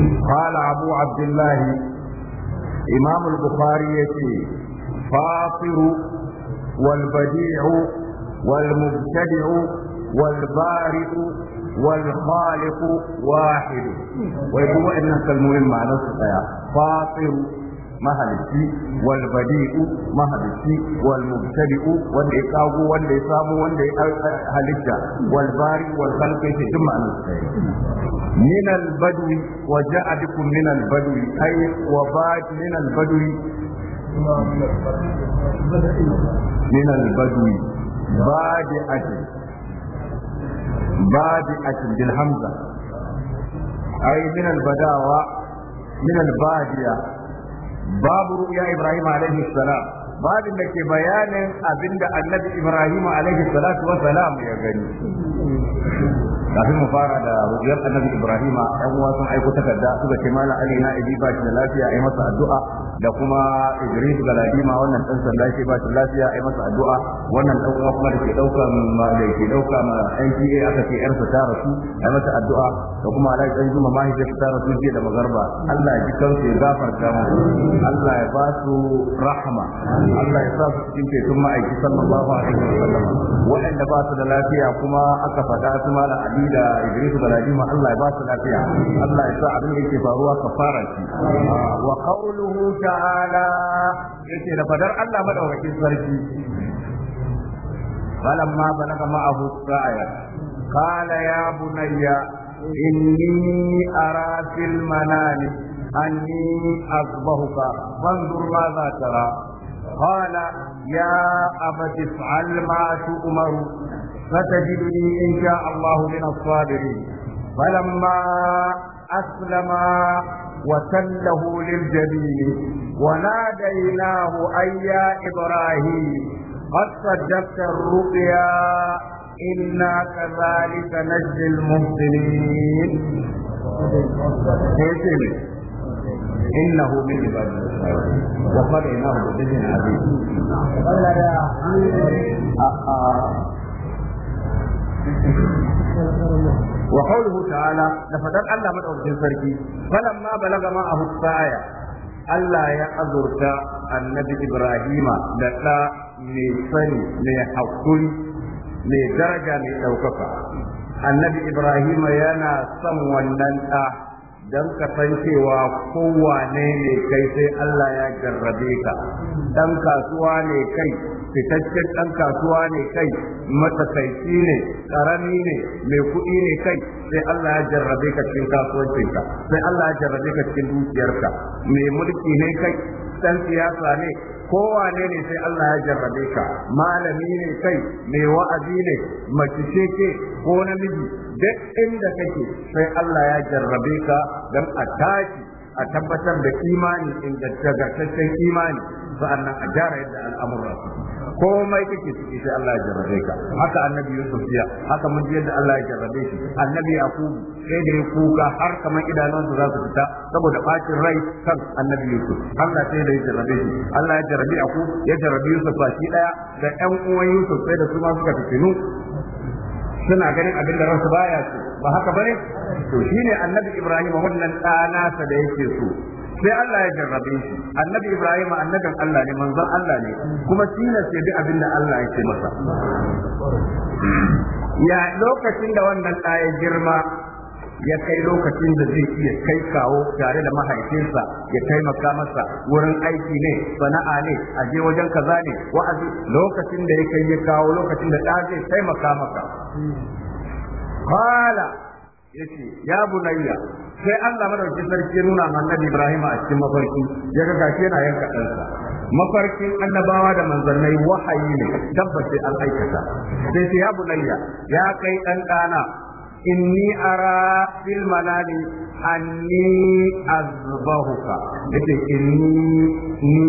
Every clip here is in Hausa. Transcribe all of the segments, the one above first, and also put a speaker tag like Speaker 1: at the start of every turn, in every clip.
Speaker 1: قال أبو عبد الله إمام البخاري فاطر والبديع والمبتدع والبارئ والخالق واحد ويقول إنك المهم على معنى فاطر mahalicci wal badi'u mahalicci wal mubtadi'u wanda ya kago wanda ya samu wanda ya halitta wal bari wal khalqi fi jum'an min al badwi wa ja'a bikum min al badwi ay wa ba'd min al badwi min al badwi badi'at badi'at bil hamza ay min al badawa min al badiya babu ru'ya ibrahim alaihi salam babin da ke bayanin abinda annabi Ibrahim alaihi salatu wa salam ya gani kafin mu fara da rubiyar annabi Ibrahim 'yan uwa sun aiko takarda suka ce mala Ali na idi ba shi da lafiya a ai masa addu'a da kuma Idris Galadima wannan dan sanda shi ba shi lafiya ai masa addu'a wannan dan uwa kuma da ke daukan da ke dauka ma NPA aka ce yarsa ta rasu a ai masa addu'a da kuma Alai dan Juma mahi da ta rasu jiya da magarba Allah ya ji kansu ya gafarta mu Allah ya ba su rahma Allah ya sa su cikin ceton ma'aiki sallallahu alaihi wa sallam waɗanda ba su da lafiya kuma aka faɗa su malam Ali da Idris Baladima Allah ya ba su lafiya Allah ya sa abin da yake faruwa kafara shi wa qawluhu ta'ala yake da fadar Allah madaukakin sarki falamma balaga Abu sa'aya qala ya bunayya inni ara fil manami أني أصبحك فانظر ماذا ترى قال يا أبت افعل ما تؤمر فتجدني إن شاء الله من الصابرين فلما أسلما وتله للجبين وناديناه أي يا إبراهيم قد صدقت الرؤيا إنا كذلك نجزي المحسنين innahu min ibadina wa qadainahu bi dhikrin azim وقوله تعالى لفتن الله مدعوكين سركي فلما بلغ معه الساعة Allah ya azurta annabi Ibrahima da ɗa mai sani mai haƙuri mai daraja mai ɗaukaka. Annabi Ibrahima yana son wannan ɗa. Dan ka san cewa kowane ne kai sai Allah ya jarrabe ka dan kasuwa ne kai fitaccen ɗan kasuwa ne kai matsakaici ne ƙarami ne mai kuɗi ne kai sai Allah ya jarrabe ka cikin kasuwancinka sai Allah ya jarrabe ka cikin dukiyarka mai mulki ne kai ɗan siyasa ne kowane ne sai Allah ya jarrabe ka malami ne kai mai wa'azi ne mace ce ke ko namiji duk inda kake sai Allah ya jarrabe ka don a tashi a tabbatar da imani inda daga imani sa'annan a gyara yadda al'amuran komai kake ciki sai Allah ya jarrabe ka haka annabi Yusuf ya haka mun ji yadda Allah ya jarrabe shi annabi Yaqub sai da ya kuka har kamar idanun su za su fita saboda bacin rai kan annabi Yusuf Allah sai da ya jarrabe shi Allah ya jarrabe aku ya jarrabe Yusuf a shi daya da ƴan uwan Yusuf sai da su ma suka finu suna ganin abin da ransu baya
Speaker 2: su ba haka bane to
Speaker 1: shine annabi Ibrahim wannan ɗana sa da yake so sai Allah ya jarrabe shi annabi Ibrahim annabin Allah ne manzon Allah ne kuma tilas sai bi abinda Allah ya ce masa ya lokacin da wannan ɗaya girma ya kai lokacin da zai iya kai kawo tare da mahaifinsa ya taimaka masa wurin aiki ne sana'a ne a je wajen kaza ne wa'azi lokacin da ya kai ya kawo lokacin da ɗa zai taimaka maka qala yace ya bunayya sai Allah madaukakin sarki nuna annabi Ibrahim a cikin mafarki ya ga gashi yana yanka ɗansa mafarkin annabawa da manzannai wahayi ne tabbas sai an aikata sai sai ya bunayya ya kai ɗan ɗana inni ara fil manami anni azbahuka yace inni ni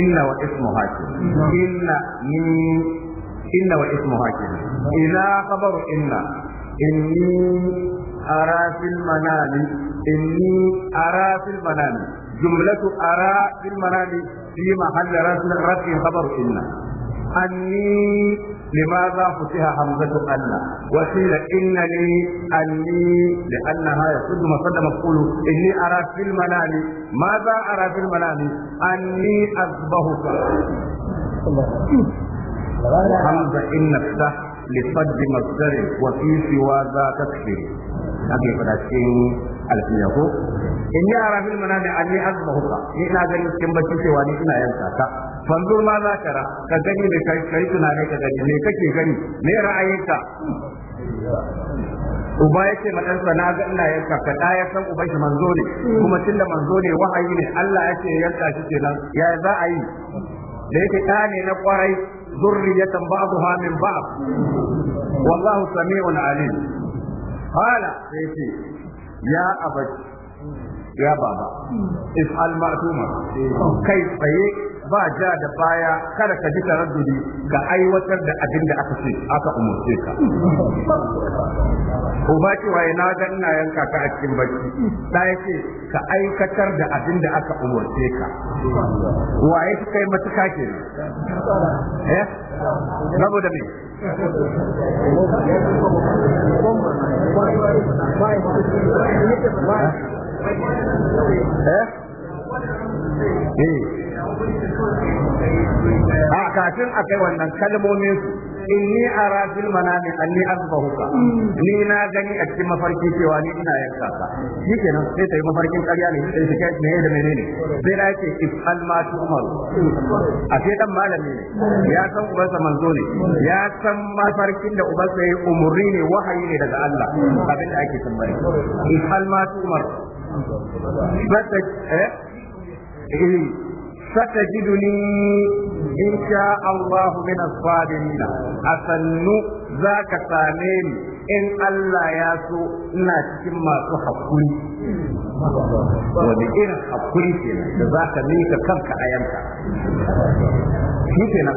Speaker 1: inna wa ismu hakim inna ni inna wa ismu hakim ila khabaru inna inni أرى في المنام إني أرى في المنام جملة أرى في المنام في محل رفع خبر إن أني لماذا فتح حمزة أن وقيل إنني أني لأنها يصد مصدر مفعول إني أرى في المنام ماذا أرى في المنام أني أذبحك وحمزة إن افتح لصد مصدر وفي سوى ذا تكفر haka ya faɗa cikin alfiya ko in yi ara fil manami anni azbahuka ni ina ganin cikin bacci cewa ni ina yanka ka fanzur ma za ka ra ka gani da kai kai tunani ka gani me kake gani me ra'ayinka uba ya ce maɗansa na ga ina yanka ka ɗa ya san uban shi manzo ne kuma tunda manzo ne wahayi ne Allah ya ce yanka shi kenan ya za a yi da yake ɗa ne na kwarai zurriyatan ba'daha min ba'd wallahu sami'un alim fala sai ce ya abati ya baba if'al ma'tuma kai tsaye ba ja da baya kada ka ji taraddudi ka aiwatar da abin da aka ce aka umurce ka uba ce waye na ga ina yanka ka a cikin bacci da yake ka aikatar da abin da aka umurce ka waye su kai matuka ke
Speaker 2: eh saboda me eh Eh.
Speaker 1: a kafin a kai wannan kalmomin su inni ara fil manami anni azbahuka ni na gani a cikin mafarki cewa ni ina yanka ka shikenan sai ta yi mafarkin ƙarya ne sai shi kai ne da menene sai da yake if ma umar a sai dan malami ne ya san ubansa manzo ne ya san mafarkin da ubansa sai umurni ne wahayi ne daga Allah abin da ake tambaya ifal ba ta eh ilmi satajiduni in sha a min as-sabirin asannu zaka same ni in Allah ya so ina cikin masu hakuri wani irin hakuri kenan da za ka mika kanka a yanka shi kenan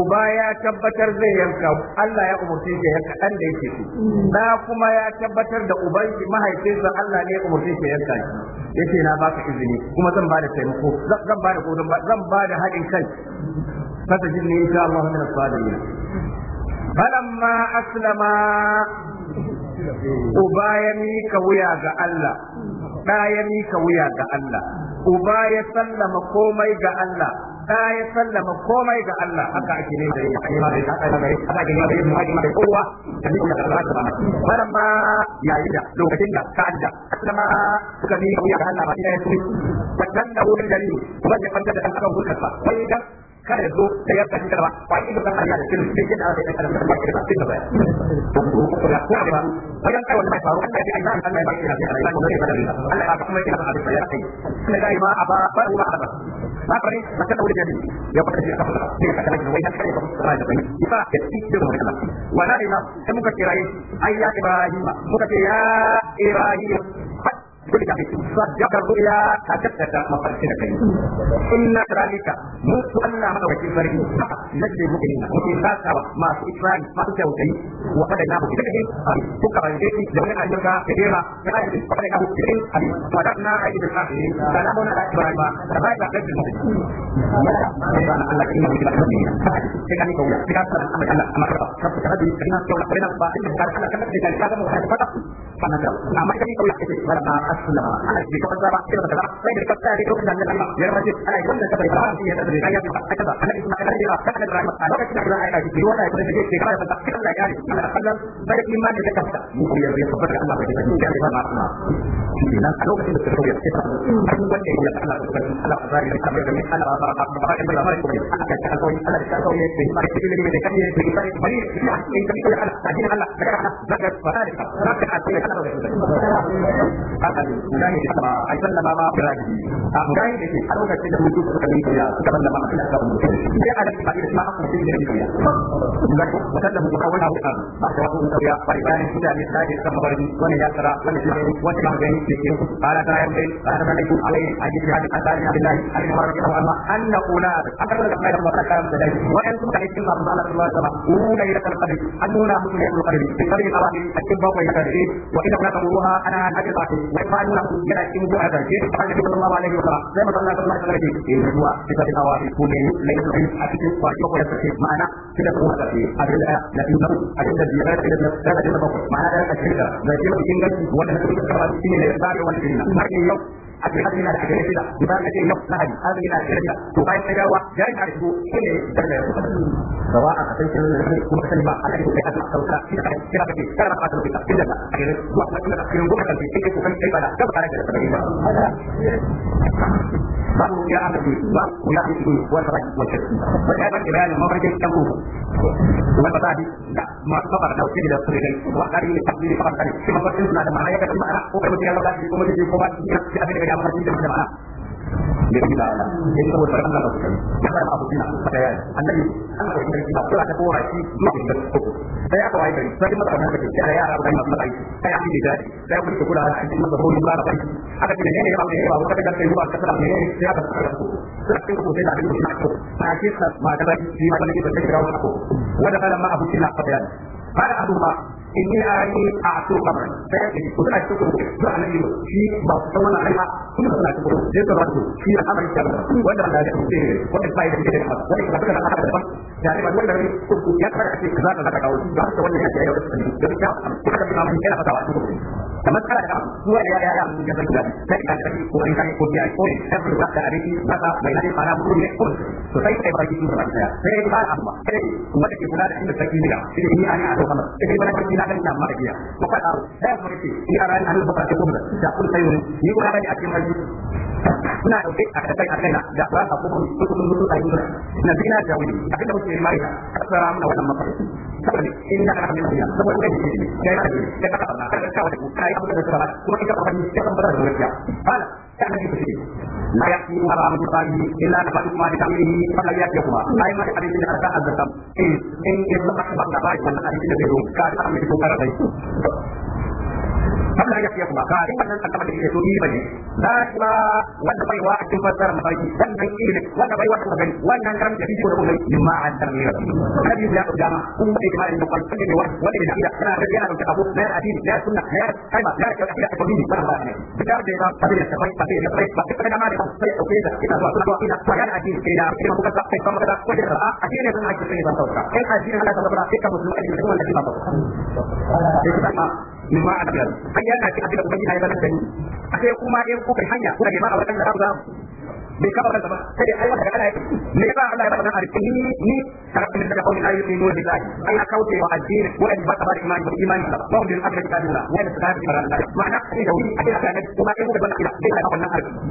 Speaker 1: uba ya tabbatar zai yanka Allah ya umurce shi yanka dan da yake so da kuma ya tabbatar da uban shi mahaifinsa Allah ne ya umurce shi yanka shi yace na baka izini kuma zan bada taimako zan bada godon zan bada haɗin kai fata jinni insha Allah min as-salihin falamma aslama uba ya mika wuya ga Allah ɗa ya mika wuya ga Allah uba ya sallama komai ga Allah ɗa ya sallama komai ga Allah haka ake ne da yi a yi ma da yi haka da yi da yi da yi da yi da yi da ba da da da ba ya yi da ya da kada zo da ya kashi kada ba kwaki da zan Allah da kin sai da Allah da kada da ba kada kin ba ko da ko da bayan kai wannan faru Allah ya ayyana Allah ya baki da Allah ya baki da Allah ya kuma ya baki da kai kuma dai ma aba ba ruwa aba ba fare maka da wuri ya fara shi ka sai ka kana wai haka ya fara da bani ifa ya tike da wannan wa la ila sai muka kirayi ayya ibrahim muka ce ya ibrahim كل كافي صدق الرؤيا حدثت مفرسين كريم إن ذلك موت أن هذا وكيل فريق فقط نجد المؤمنين وفي خاصة ما في إسلام ما في توتي وقد نابوا في ذلك فكر الجيش جميع أجلك كثيرا كذلك فقد نابوا في ذلك ودعنا أيد الحاكمين سلامنا على إبراهيم فغير قد المؤمن Allah ina da kafin sai kan kauna sai kan sanar amma Allah amma ka tafi ka bi kana kauna kana ba ka kana kana da kan ka da mu ka fata kana amma kan kauna sai kana كلها على بكم ترى كذا كذا طيب الكتاب يقول لنا الله يا رب انا يقول لك في الحرام في هذا الشيء كذا انا اسمع كذا كذا كذا الرحمه انا كنت اقول لك في ولا يقول لك في كذا كذا كذا لا يعني انا اتكلم بارك لي ما نتكفى ممكن يصبر الله في كذا كذا ما اسمع لا لو كنت تقول لي كذا انا كنت اقول لك انا انا بارك لك انا بارك لك انا بارك لك انا بارك لك انا كنت اقول لك انا كنت mujahid da ba ai sallama ma firaji a mujahid da ke a lokacin da mutum suka yi jiya. suka sallama ma ina ka mutum sai a da ba da ma aka yi da kiyaya mujahid da sallama ko kawai abu kan ba ta ko ta ya ba bayan shi da ne da ke kan bari wani ya tsara wani shi ne wata ma gani ke ke ala ta ya bai ala ta ku alai a ji da ta da Allah ai ma rabbi Allah anna da mai da mata da dai wa'an kuma kai kin Allah Allah ta ba ula ila kan qadi annuna mutum ya qadi qadi qadi a cikin bakwai da dai wa ina ruha ana hajjata nuna yana cikin zuwa karshe annabi sallallahu alaihi wa ba sai manzon Allah sallallahu alaihi wa sallam ya ce ruwa kika ta wa ko ne laifin a cikin kwashi ko ya sace ma'ana kika ta wa karshe a da da in zan a da biyar da da da da ma'ana da karshe da da cikin gaci wanda kika ta wa ne da wanda kina har yau ake azumi na ba na hadi na da ka sawa a ba ka ko kan ba da ka ba ba ba ba wa ba ba wa da ma ba da da wa da ya farki da jama'a da shi da Allah in saboda Allah ba su ya fara ba su dina fata ya annabi an ka yi da kula ta kowa shi ma ku da ku sai aka wai gari sai mata nan take ya ya rabu da masu sai aka yi da sai aka yi kula da shi mata hoyi ba da aiki aka ce ne ne ba ne ba wata da ba ka tsara ne sai aka tsara ku sai aka sai da ku na ku sai ke sa ma da shi ma da ke da ku wanda kana ma abu kina fata ya fara abu ma inni arani a'tu qabran sai in kula da ku to annabi shi ba ku san wannan ba kun san ku sai ka rabu shi da amari ta wanda Allah ya ce wanda bai da kike ba wanda ka kada ka ba da ne wanda ne ku ku ya fara ce kaza da kaza da wannan ya ce ya da ta ka ka mun yana fata wa ku da matsala da kama ya ya ya ka ya ko sai ba mai sai ba ba sai kuma take kula da inda take ni a to sai ba ki na ganin amma kiya ko fa sai ku ce ni ara ko da kun sai ni ko ara a cikin a kai a kaina da ba ka a cikin na dina da wuri a kai da mai saboda ka kai ne kai ka ka ka ka yi abin da suka kuma ita ba ta tabbata da gaskiya kana ta annabi ku ce la yaqulu ala man qali illa la fatu ma ta'mihi fa la yaqulu ai ma abin da aka azzata in in ba ka ba ka ba ka abin da bai ka ta mai ko kar kai Allah ya kuma kare wannan kalmar da yake so ni bane za ki ma wanda bai wa cikin fasar mafarki wannan ilimi wanda bai wa cikin gani wannan karam da bidiyo da kuma jama'a an tarmi rabbi ya ku jama'a kun bai kuma ne wanda da kana da yana da abu na addini na sunna na kaima na da ida ko bidiyo ba ne da da ba tabi da tabi tabi da tabi ba kada ma da sai ko da ina zuwa kuma ko yana addini sai da kuma kuka sai kuma da ko da a addini sun ake sai ban sauka kai addini Allah ta fara kai ka musulmi da kuma da mimma ajal ayya ka ci abin da ubangiji ya bada sani sai kuma in kuka hanya kuka nema a wajen da za ku bai kama ba sai dai aiwata ana yi me yasa Allah ya faɗa a cikin ni ni tarafi min daga kawai ayyukan nuna billahi an ya kauce wa addini wa'in ba ta ba imani ba imani ba ba wanda aka ta dura wa'in ta ta dura Allah na. sai da wuri a cikin kana kuma in kuka bana ila dai ka wannan arziki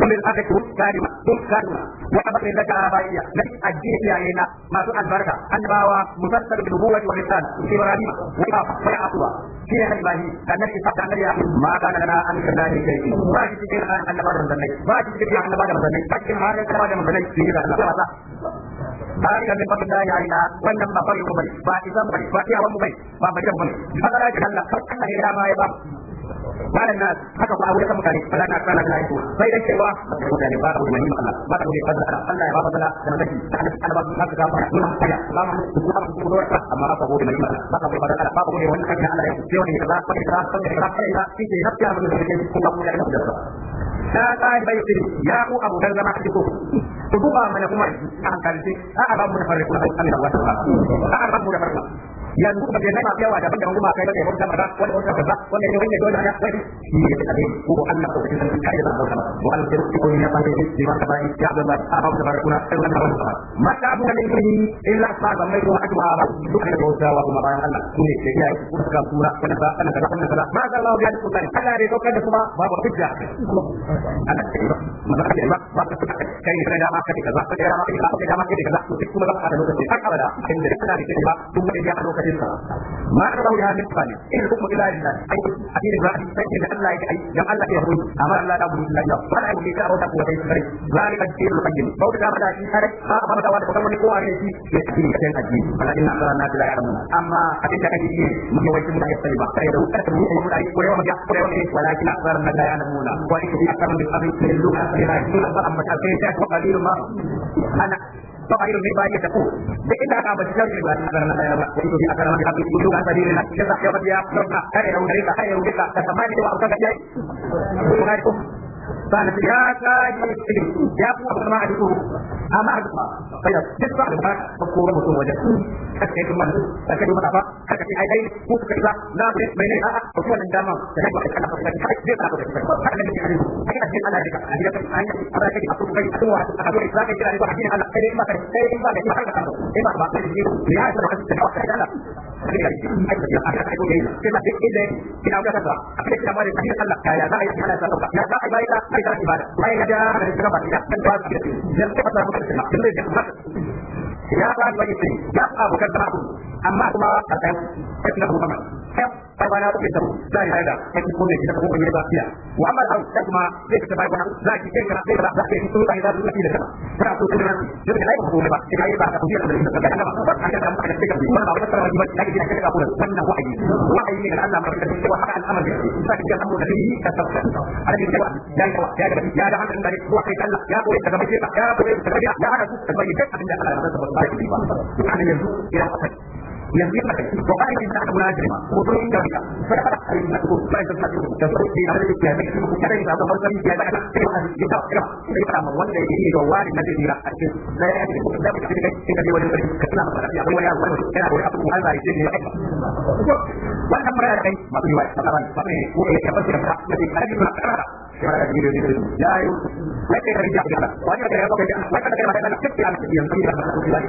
Speaker 1: wanda aka ci karima dun karima wa abada da ka na addini iyayena masu albarka annabawa musassar da nubuwati wa risalah ibrahim wa isa wa yaqub shi ne halibahi annabi fa annabi ya ma kana lana an kana da kai ba shi cikin annabawan da kai ba shi cikin annabawan manzanni bakin halin kama da manzanni su yi da Allah ba tarihin min bakin daya ina wannan ba fari ko bane ba izan bane ba iyawan bane ba bajan bane ba da Allah kan Allah ya ba ya ba malan nas haka ko aure mutane ba za ka tsana da aiki sai dai cewa ba ka da mahimmin ba ka Allah ya ba fadla da mallaki Allah ba ka ga fara mun ba mu da ku amma ba ka da ba ka da ba ka da wani kan Allah ya ce wani Allah ba ka da ba ka da mun da ku ba mu da da ta bai ce ya ku abu zama ku ku ba mana kuma a ba mu da farko a ba mu da farko yanzu kuma bai nama yawa daban daban kuma kai da mutum kaza wanda mutum kaza wanda ne wanda dole ana wani shi ne da abin ko Allah ko kin kai da Allah kaza ko Allah ko ne fanta ji ji ba ya ga ba a ba da barakuna sai wannan wannan kaza mata abu da ne illa sa ga mai ruwa akwa ba duka da wata wa kuma bayan Allah ku ne sai ya yi kuma ka kura kana ba kana kana ma ga Allah ya ku sai Allah da kuma babu ana ba ba ba ba kai ne da ma kaza kaza da ma kaza da ma kaza kuma ba a lokacin har abada inda kana da kuma da ya fitna ma ka dauki hadin fani in kuma ila ila ai akin ibrahim sai da Allah ya ai dan Allah ya hudu amma Allah da Allah sai ba da shi ba ba da kuma ko ai shi ya ci kan Allah amma wai mun sai ba sai da ya ko ne walakin amma ta ta ma ana saba irin mai da ku da ina ka ba cikin riba na garna daya ba wato bi akara mai hakki kullu kan tadiri na kaza ya ba ya ka ka ya ka ka ka ka ka ka ka ka ka ka ka فأنا في هذا يستجيب يا أبو ما أعرفه أما أعرفه فإذا جد بعد ما تقول مسلم وجد كتك من كتك من أبا كتك في اي كتك إلا لا بد من إلا وكل من دام تنجو على الله فإذا كتك جد بعد ما تقول فأنا من يعرفه أكيد أجد على ذلك أجد أن أبا كتك أقول كي أدوى أدوى إسلاك إلا أن يحجين على خير إما كتك إما كتك إما كتك إما أبا كتك جد لا يسمع كتك تحوى كتك لا كما تقول إذا كنا أولا تسرع أكيد كما يتحيي الله يا ذا يتحيي الله يا ذا يتحيي kai kana ibada wai ga da daga baki da kan ba ki da ka fata maka da da da ba ya ba wani sai ya ba ka da amma kuma ka kai ka na kuma bai bana kuke tabu za ki haida kake ko ne kita ko ne ba kiya wa amma an ta kuma zai kita bai bana za ki kai kana sai ba za ki so kai da su da ta ta so da kai ba ba ka ku da da ka ba ba ka da ka da ba ba ka da ba ka da ka ko wa'ayi wa'ayi ne Allah ma ka da wa haka al'amari sai ka da mu da shi ka ta ala ki wa ya ya ya ya da hankali da kai Allah ya ko ka ba ki ya ko ka ya ya ku da bai ka da ba ba ba ana yanzu yanzu yana kai to a kin ta muna jima ko to in gaba fa da ai na ko sai ta tafi da sai din ta ke da shi ko kai da ba ta ya da sai ba shi ta kira sai ba mun wanda yake da ta na da dira a ce ta ya da da da da da wani da kana ba ya wani ya wani kana da abu an zai ce ne wannan fara kai ma ku yi wa ta ba ba ne ko ya ta ba ta da kai da kepada diri itu jadi mereka dari jalan banyak dari apa kerjaan mereka dari mereka anak kecil yang tidak berkesulitan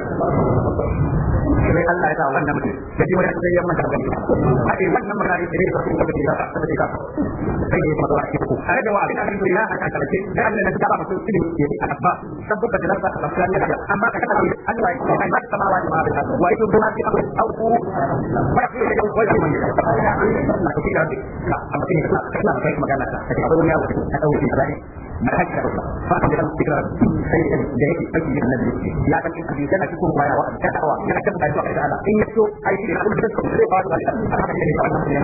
Speaker 1: oleh Allah itu awan namanya jadi mereka saya yang mendapat ada yang mengenai diri seperti kita seperti kita ini masalah itu ada jawab ada yang tidak akan terjadi dan ada yang tidak masuk sini jadi anak bab sebut kejelasan alasannya ada amma kata Allah itu akan sama lawan maha besar wa itu benar kita tahu banyak yang kita boleh mengerti nah kita tidak sama ini kita kita makanan kita a ɗauke Isra'il na hajji ta fa da kan tikra sai da yake aiki da nabi da yake kuma ya wa ka tawa ya kan tikra da Allah in ya so aiki da kullu sai ba da Allah ka da nabi ya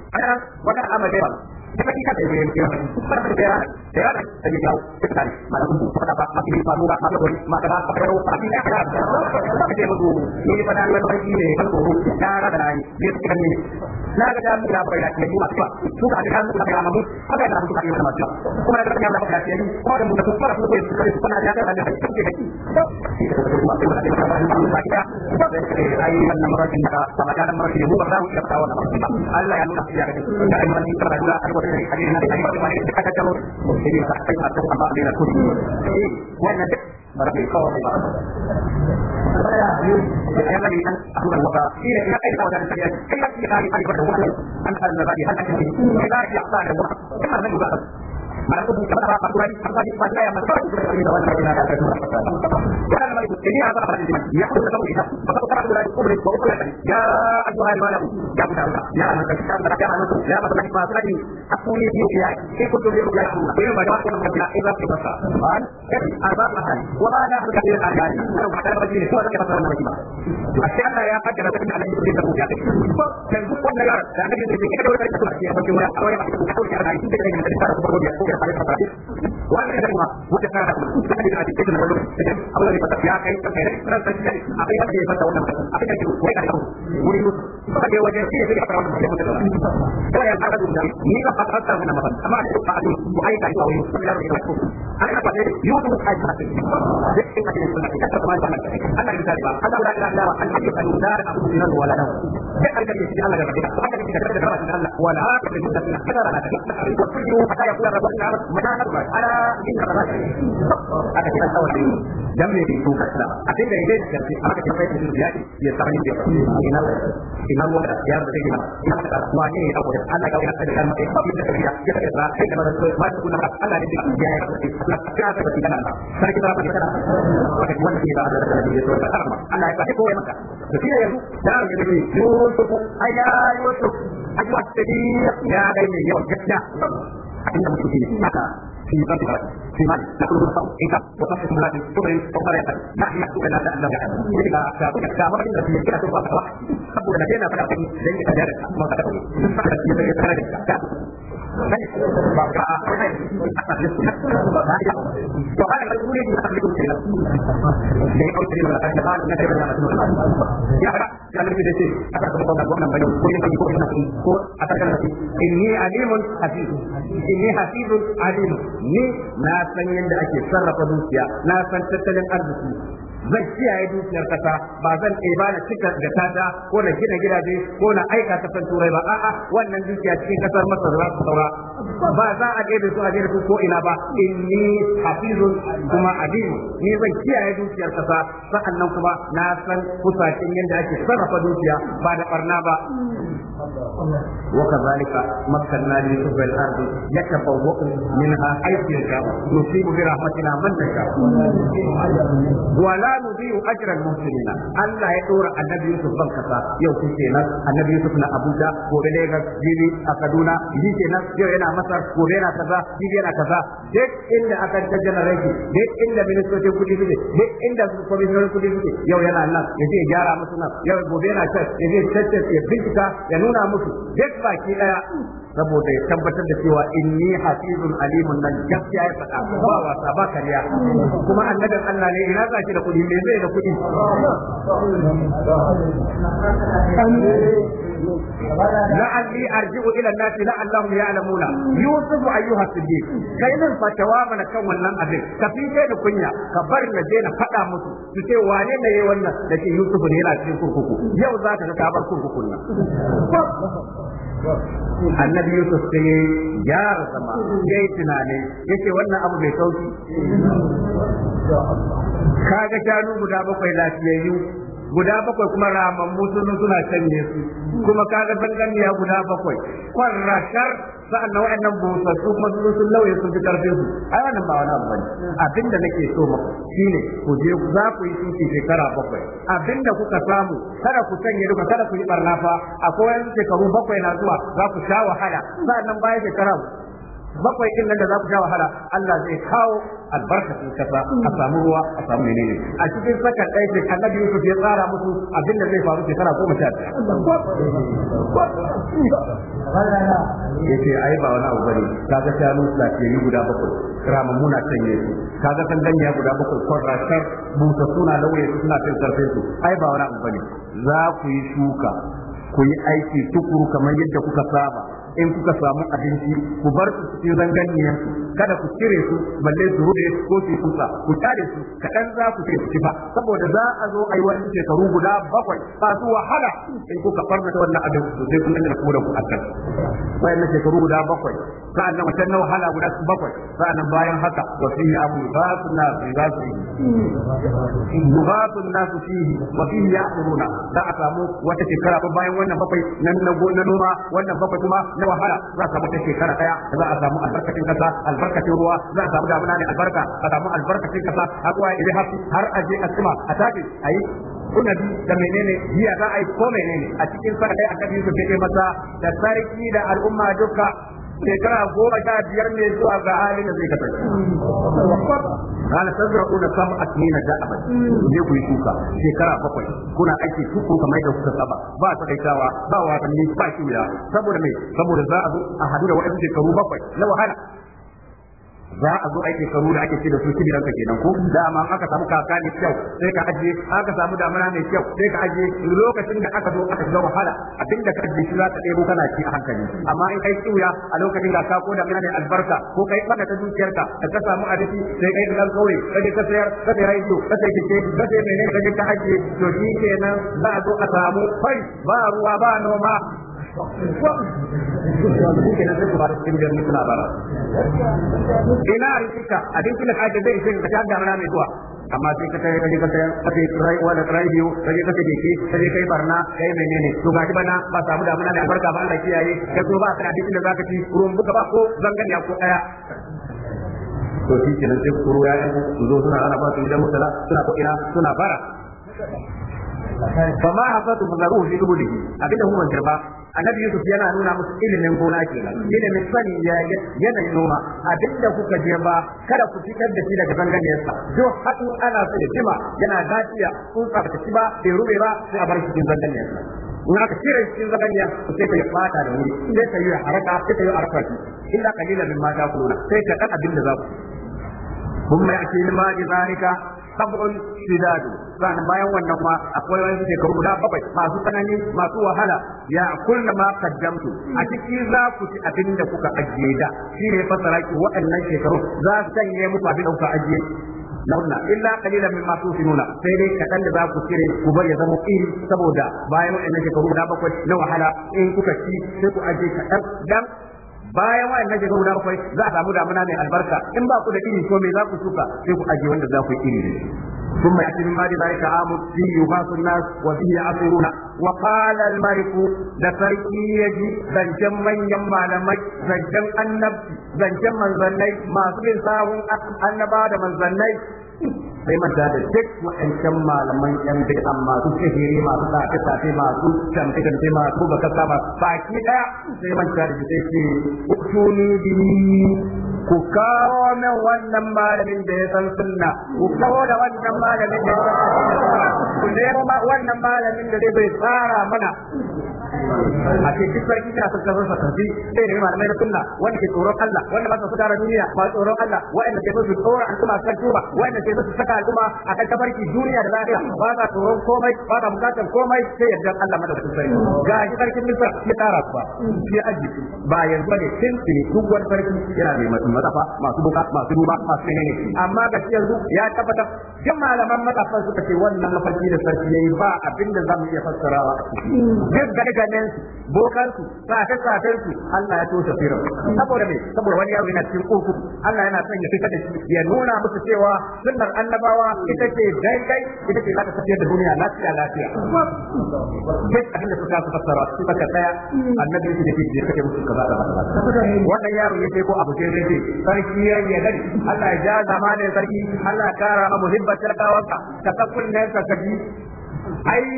Speaker 1: da Allah fa kita kita kita tidak kita kita kita Allah yang hadis Nabi tadi baru jadi atau apa yang yang kula da kubrin ko kula da ya ajo hay malam ya ku dalla ya an ka a se ka ya ka ka ka ni ki ta ku abin da ke wai ka kawo wurin yusuf ba ke wajen shi ne sai a kawo da mutum da kawai ya fara da ni ka fara ta wannan mafan amma a cikin fa'adun ko aika ta wani da yaro ya ne ana fara da yusuf ta ji masa da shi ka ji sunna ta ta ma ta Allah ya tsare ba Allah ya tsare Allah an yi kan da abu da nan wala nan sai an kace shi Allah da rabbika aka kace da rabbika da Allah wala aka kace da Allah kada rana ta ko kuju hatta ya kula rabbika mana na ba ala in ka ba aka kace tawali dan ne ko kasala a cikin da yake da aka kace ya tsare ya tsare ina ruwa da ya da wa ne ya bude Allah ya kawo da kalma ya kawo da kalma ya kawo da da ba su ma su na da da da da da da في مقام الغرق في مال نقول هو الصوم إنك وصفة ملاك تبري تبري يسر نحن نحسوك لا تأمنا بحر إذا أكتابك كامرة إلا في مكينة تبقى فواحد سبب لدينا فنعطيك ذلك تجارك ما تتبقى فقط يسر يسر يسر وقال الرسول يستخدم السلام لأن أول سلام لقد قال إن سلام لقد يا رب كان لك ذي شيء أتاك بقول أبونا بيوم كل يوم يقول لنا هو أتاك لنا إني عليم حفيظ إني حفيظ عليم ني ناسا يندأك شرف دوسيا ناسا تتلم أرضك zan kiyaye dukiyar kasa ba zan ɗeba na cika da tata ko na gina gidaje ko na aika ta san turai ba a'a wannan dukiya cikin kasar masar za su saura ba za a ɗebe su a jere su ko ina ba inni hafizun kuma adimu ni zan kiyaye dukiyar kasa sa'annan kuma na san kusakin yadda ake sarrafa dukiya ba da barna ba وكذلك مكنا ليوسف في الارض يتبوأ منها حيث يشاء نصيب برحمتنا من نشاء ولا نضيع اجر المحسنين الله يدور النبي يوسف بالكفا يوسف كينا النبي يوسف na Abuja gobe Lagos jibi a Kaduna yi kenan yau yana Masar gobe yana kaza jibi yana kaza duk inda aka ta generation duk inda ministocin kudi suke duk inda kwamishinan kudi suke yau yana nan ya je gyara musu nan yau gobe yana ya je ya bincika nuna musu duk baki daya saboda ya tabbatar da cewa inni hafizun alimun nan gaskiya ya faɗa ba wasa ba kariya kuma annabin Allah ne ina zaki da kuɗi me zai da kuɗi لعلي ارجع الى الناس لعلهم يعلمون يوسف ايها الصديق kai min fatawa mana kan wannan abin ka fi kai da kunya ka bar na je na faɗa musu su ce wane ne yayi wannan da ke Yusufu ne yana cikin kurkuku yau za ka ga ka bar kurkukun nan annabi yusuf sun yi gyara zama ya yi tunani ya ce wannan abu mai sauki kaga shanu guda bakwai lafiyayyu guda bakwai kuma ramammu sun suna canye su kuma kaga ya guda bakwai rashar sa'an nan wa'annan busassu kuma sun lauye sun fi karfe su ai wannan ba wani abu bane abinda nake so maka shine ku je za ku yi tuki shekara bakwai abinda kuka samu kada ku canye duka kada ku yi barna fa akwai wani shekaru bakwai na zuwa za ku sha wahala sa'an nan bayan shekara bakwai din nan da za ku sha wahala Allah zai kawo albarkatun kasa a samu ruwa a samu menene a cikin sakan ɗaya ce annabi Yusuf ya tsara musu abin da zai faru shekara goma sha ya ce ai ba wani abu bane kaga shanu lafiyayyu guda bakwai Ramamu na canye su kaga sandanya guda bakwai kwarratar busa suna lauye suna fin karfin su ai ba wani abu bane za ku yi shuka ku yi aiki tukuru kamar yadda kuka saba in kuka samu abinci ku bar su cikin zanganiyar kada ku cire su balle su rude ko su kusa ku tare su kaɗan za ku ce su ba saboda za a zo a yi wani shekaru guda bakwai ba su wahala in kuka farnata wannan abin su sai kun da kuma da ku akan bayan shekaru guda bakwai sa'an nan wata wahala guda su bakwai sa'an nan bayan haka wasiya abu ba su na za su yi yubatun nasu fihi wa ya ya'muruna za a samu wata shekara bayan wannan bakwai na noma wannan bakwai kuma na wahala za a samu ta shekara daya za a samu albarkacin kasa albarkacin ruwa za a samu damuna ne albarka a samu albarkacin kasa har ruwa ya hafi har a je a cima a tafi a yi kuna da menene jiya za a yi ko menene a cikin sa dai annabi Yusuf ya masa da sarki da al'umma duka shekara goma sha biyar ne zuwa ga halin da zai kasance kana tazra'una na sinina da'aba je ku yi kuka shekara bakwai kuna aiki tuku kamar da kuka saba ba takaitawa ba watanni ba kiwiya saboda me saboda za a zo a hadu da wa'ansu shekaru bakwai na wahala za a zo ke karu da ake ce da su kibiran ka kenan ko dama aka samu kaka mai kyau sai ka aje aka samu damuna mai kyau sai ka aje lokacin da aka zo aka shiga wahala abinda ka aje shi za ka ɗebo kana ci a hankali amma in kai tsuya a lokacin da ka ko da mai albarka ko kai fada ta dukiyarka da ka samu abinci sai kai dan kauye ka ka sayar ka sai raido ka sai kike ka sai menene ka je ka aje to shi kenan za a zo a samu fari ba ruwa ba noma yanzu kenan sai ku fara cikin biyar mutuna bara ina rikika abinci zai sai ka ta mai zuwa amma sai ka tare kaje ka tare kaje rai wala rai kaje ka tare ki kaje kai barna kai menene to bana ba samu damuna da albarka ba Allah kiyaye ka zo ba ka abinci da zaka ci ruwan buka ba ko zangan ya ko daya to shi kenan sai kuro ya suna suna ko ina suna fara. fama hafatu fazaruhu fi zuhudihi abinda kuma girba annabi yusuf yana nuna musu ilimin gona ke ilimin sani yanayin noma abinda kuka ba, kada ku fitar da shi daga zanganiyarsa duk haɗu ana su da jima yana dafiya sun tsabta shi ba bai rube ba sai a bar shi cikin zanganiyarsa in aka cire cikin zanganiya ku sai ka yi fata da wuri sai dai ka yi haraka sai ka yi haraka illa kalila min mata kuna sai ka ɗan abin da za ku kuma ya ce ma da zalika sab'un sidadu sannan bayan wannan ma akwai wani shekaru guda bakwai masu tsanani masu wahala ya kullu ma qaddamtu a ciki za ku ci abinda kuka ajiye da shi ne fasara ki waɗannan shekaru za su sanye muku abin da kuka ajiye launa illa min mimma tusinuna sai dai kaɗan da za ku cire ku bar ya zama iri saboda bayan waɗannan shekaru guda bakwai na wahala in kuka ci sai ku ajiye kadan dan Bayan waye na je ga wulaƙwai za a samu damuna mai albarka, in ba ku da irin to me za ku tsuka sai ku ajiye wanda za ku yi irin. Tumai mai cikin bade zai ta'a mun ɗin yiwuwa suna wa biya asuruna. Wa ƙwalar marifu da Sarki ya ji zancen manyan malamai, zancen man zannai, masu bin sabon annaba da man zannai. sai manta da duk wa'ancan malaman yan bid'a masu shahiri masu tafi tafi masu tamfi tamfi masu baka sama baki daya sai manta da sai ce kutuni bi ku kawo min wannan malamin da ya san sunna ku kawo da wannan malamin da ya san sunna ku nemo wannan malamin da zai tsara mana a ce duk sarki kana son kasar sarki sai ne malamai na sunna wanda ke tsoron Allah wanda ba su fita da duniya ba tsoron Allah wanda ke so su tsora al'umma kan tuba wanda ke su saka al'umma a kan tabarki duniya da lafiya ba sa tsoron komai ba sa bukatar komai sai yarda Allah madaukakin sarki ga shi sarkin Misra ya tara ba shi aji ba yanzu ne tun duk wani sarki yana da matsafa masu buka masu duba masu menene amma ga shi yanzu ya tabbatar duk malaman matsafa suka ce wannan mafarki da sarki yi ba abinda zamu iya fassarawa a ciki duk ganin bokansu sace sacen su Allah ya toshe fira saboda me saboda wani yaro yana cikin kurku Allah yana son ya fita da shi ya nuna musu cewa sunnar annabawa ita ce daidai ita ce za ta tafiyar da duniya lafiya lafiya duk abin da suka su fassara su baka tsaya annabi yake da kike kake musu kaza da kaza wannan yaro yake ko abu sai sai sarki ya yi dai Allah ya ja zamanin sarki Allah ya kara ma muhibbatar kawanka ka takunnen ka kaji ai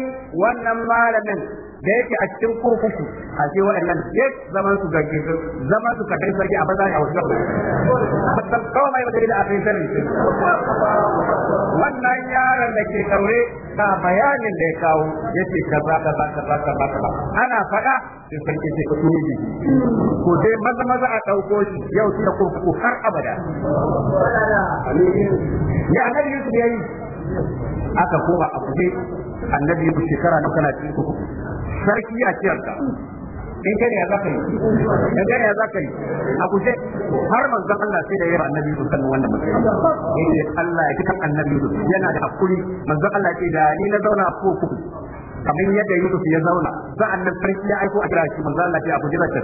Speaker 1: wannan malamin da yake a cikin kurkuku a ce waɗannan duk zaman su gaggi zaman su kadai sarki a bazari a wajen basan kawai mai da akai sanin wannan yaron da ke kaure ka bayanin da ya kawo yace kaza kaza kaza kaza kaza ana faɗa sai sarki ce ka tuni ko dai maza maza a ɗauko shi yau su da kurkuku har abada ya annabi Yusuf yi aka koma a kuje annabi yusuf shekara na kana cikin kurkuku sarki ciyar da, in kai ya zaka yi in kai ya zaka yi a kuje har manzon Allah sai da yayi annabi Yusuf kan wannan mutum yace Allah ya kitan annabi yana da hakuri manzon Allah ce da ni na zauna a kuku. kamar yadda Yusuf ya zauna za sa'annan sarki ya aiko a kira shi manzo Allah ya kujira ta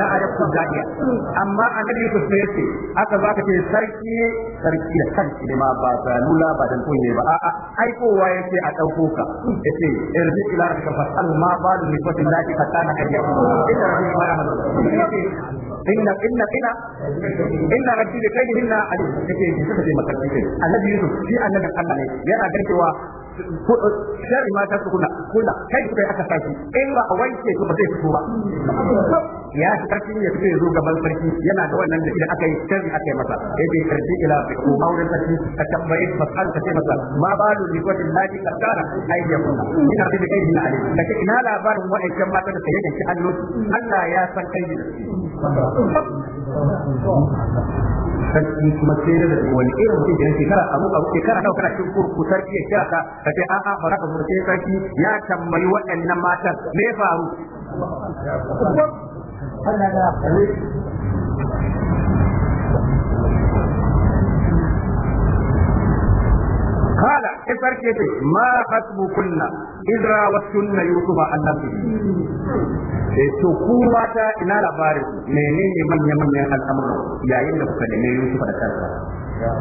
Speaker 1: da ayatu zakiya amma annabi Yusuf sai yace aka zaka ce sarki sarki da kanki ne ma ba ta lula ba dan kunne ba a'a aikowa yace a dauko ka yace irji ila rabbika fasal ma balu li fatin lati fatana ajya inna rabbi ma yahdu inna inna inna inna rabbi likayhinna alim yace suka ce makarfi annabi Yusuf shi annabi Allah ne yana garkewa sharri ma ta kuna kuna kai kai aka saki in ba a wanke su ba zai fito ba ya shi karfi ya fito ya zo gaban sarki yana da wannan da idan aka yi sharri aka yi masa yace karfi ila ko maurin sarki ka tambayi fasal ka ce masa ma ni ko din ladi ka tara ai ya kuna ina da kai ina ali kace ina labarin wa'ancan mata da sayyidin ki Allah ya san kai ne sarki kuma sai da wani irin mutum da shekara abu abu shekara nawa kana cikin kurku sarki ya kira ka ka ce a'a ba za ka murce sarki ya tambayi waɗannan matan me faru قال isar ke ce ma hasbu kunna idra wa sunna yusufa annabi eh to ku mata ina labarin menene manyan manyan al'amuran yayin da kuka nemi yusufa da kansa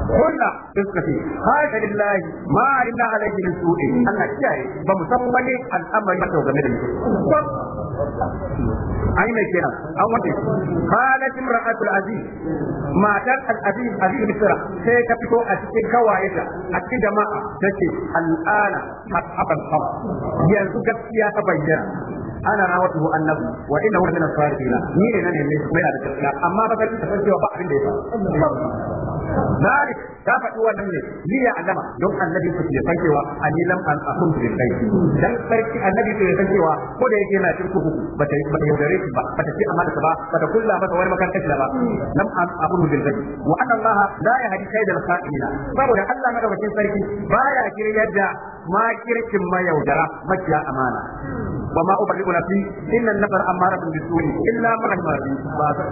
Speaker 1: kunna iskati haka lillahi ma inna alayhi min Allah kiyaye ba mu san al'amari ba game da mutum ai mai kenan an wata qalat imra'atu al-aziz matar al-aziz aziz bisra sai ka fito a cikin kawayeta a cikin jama'a tace al'ana haqqan haqq yanzu gaskiya ta bayyana ana rawatuhu annabi wa innahu min as-sadiqin ni ne nan ne mai da gaskiya amma ba ka tafi ba abin da ya faru ذلك ka faɗi wannan ne ni ya alama don annabi su ya san cewa ani lam an akum bi kai dan sarki annabi su ya san cewa ko da yake yana cikin ta yi bata yaudare shi ba bata ci amana ba bata kulla mata wani makarkashi ba lam an akum bi kai wa anna allaha la yahdi kayd al kha'ina saboda Allah madaukakin sarki baya kire yadda ma kirkin ma yaudara maciya amana ma وما أبرئ نفسي إن النفر أمارة بالسوء إلا من رحم ربي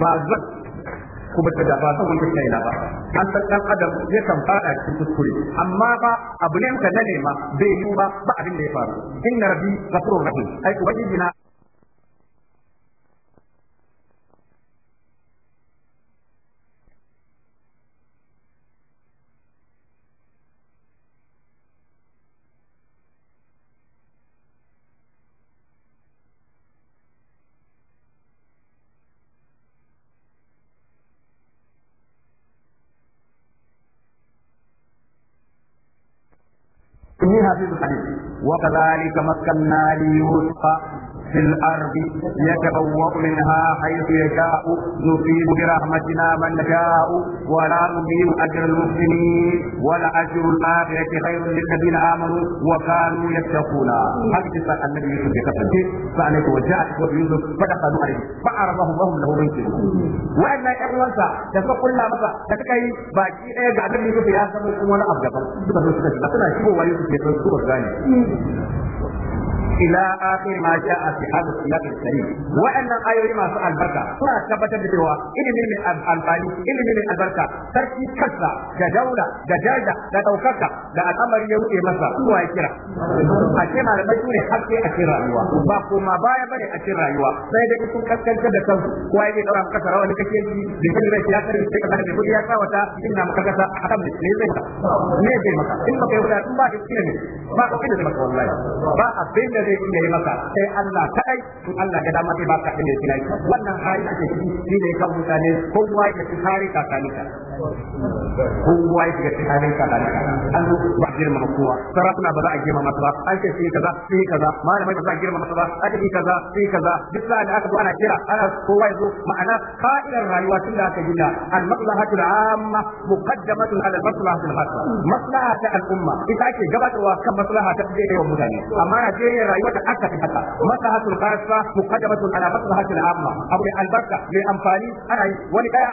Speaker 1: ba eh, kuma ta da ba sabon ta kaina ba an san dan adam ya kan fada cikin kuskure amma ba abu ne ka na nema bai yi ba ba abin da ya faru inna rabbi ghafurur rahim ai ubangiji na حفيظ الحديث وكذلك مكنا ليوسف في الأرض يتبوأ منها حيث يشاء نصيب برحمتنا من نشاء ولا نضيع أجر المسلمين ولأجر الآخرة خير للذين آمنوا وكانوا يتقون حدث النبي يوسف بقصده فعليك وجاءت ويوسف فدخلوا عليه فعرفهم وهم له منكرون وأن إخوانسا تسوق الله مسا تتكي باقي إيه قاعد يوسف يا سمي ولا أبدا سبحان الله سبحان الله يوسف يتوسط ila akhir ma ja'a fi hadha siyaq al-karim ayoyi masu albarka suna tabbatar da cewa ilimi ne alfani ilimi ne albarka sarki kansa da daula da jaja da daukaka da al'amari ya wuce masa kowa ya kira a ce malamai su ne hakke a cikin rayuwa ba kuma baya bane a cikin rayuwa sai dai kun kaskanta da kansu kowa ya daura maka sarawa ne kake ji da kin da ya kare sai ka bada kudi ya kawata inna maka kasa akan ne zai ka ne zai maka in baka yi wadatu ba ka kina ne ba ka kina da maka wallahi ba abin da zai iya yi maka sai Allah kadai to Allah ga dama sai baka inda yake wannan hali ake ciki shi ne kan mutane kowa ya fi kare kakanika kowa ya shiga cikin ka da ne an zo ba girma ma kowa sarakuna ba za a girma masa ba an ce sai kaza sai kaza malamai ba za a girma masa ba an ce kaza sai kaza duk sa'an da aka zo ana kira ana kowa ya zo ma'ana fa'idar rayuwa tun da aka gina al-maslahatu al-amma muqaddamatun ala al-maslahatu al-khassa maslaha ta al-umma ita ake gabatarwa kan maslaha ta da yawan mutane amma Najeriya rayuwa da aka fi haka maslahatu al-khassa muqaddamatun ala maslahatu amma abu albarka mai amfani ana yi wani daya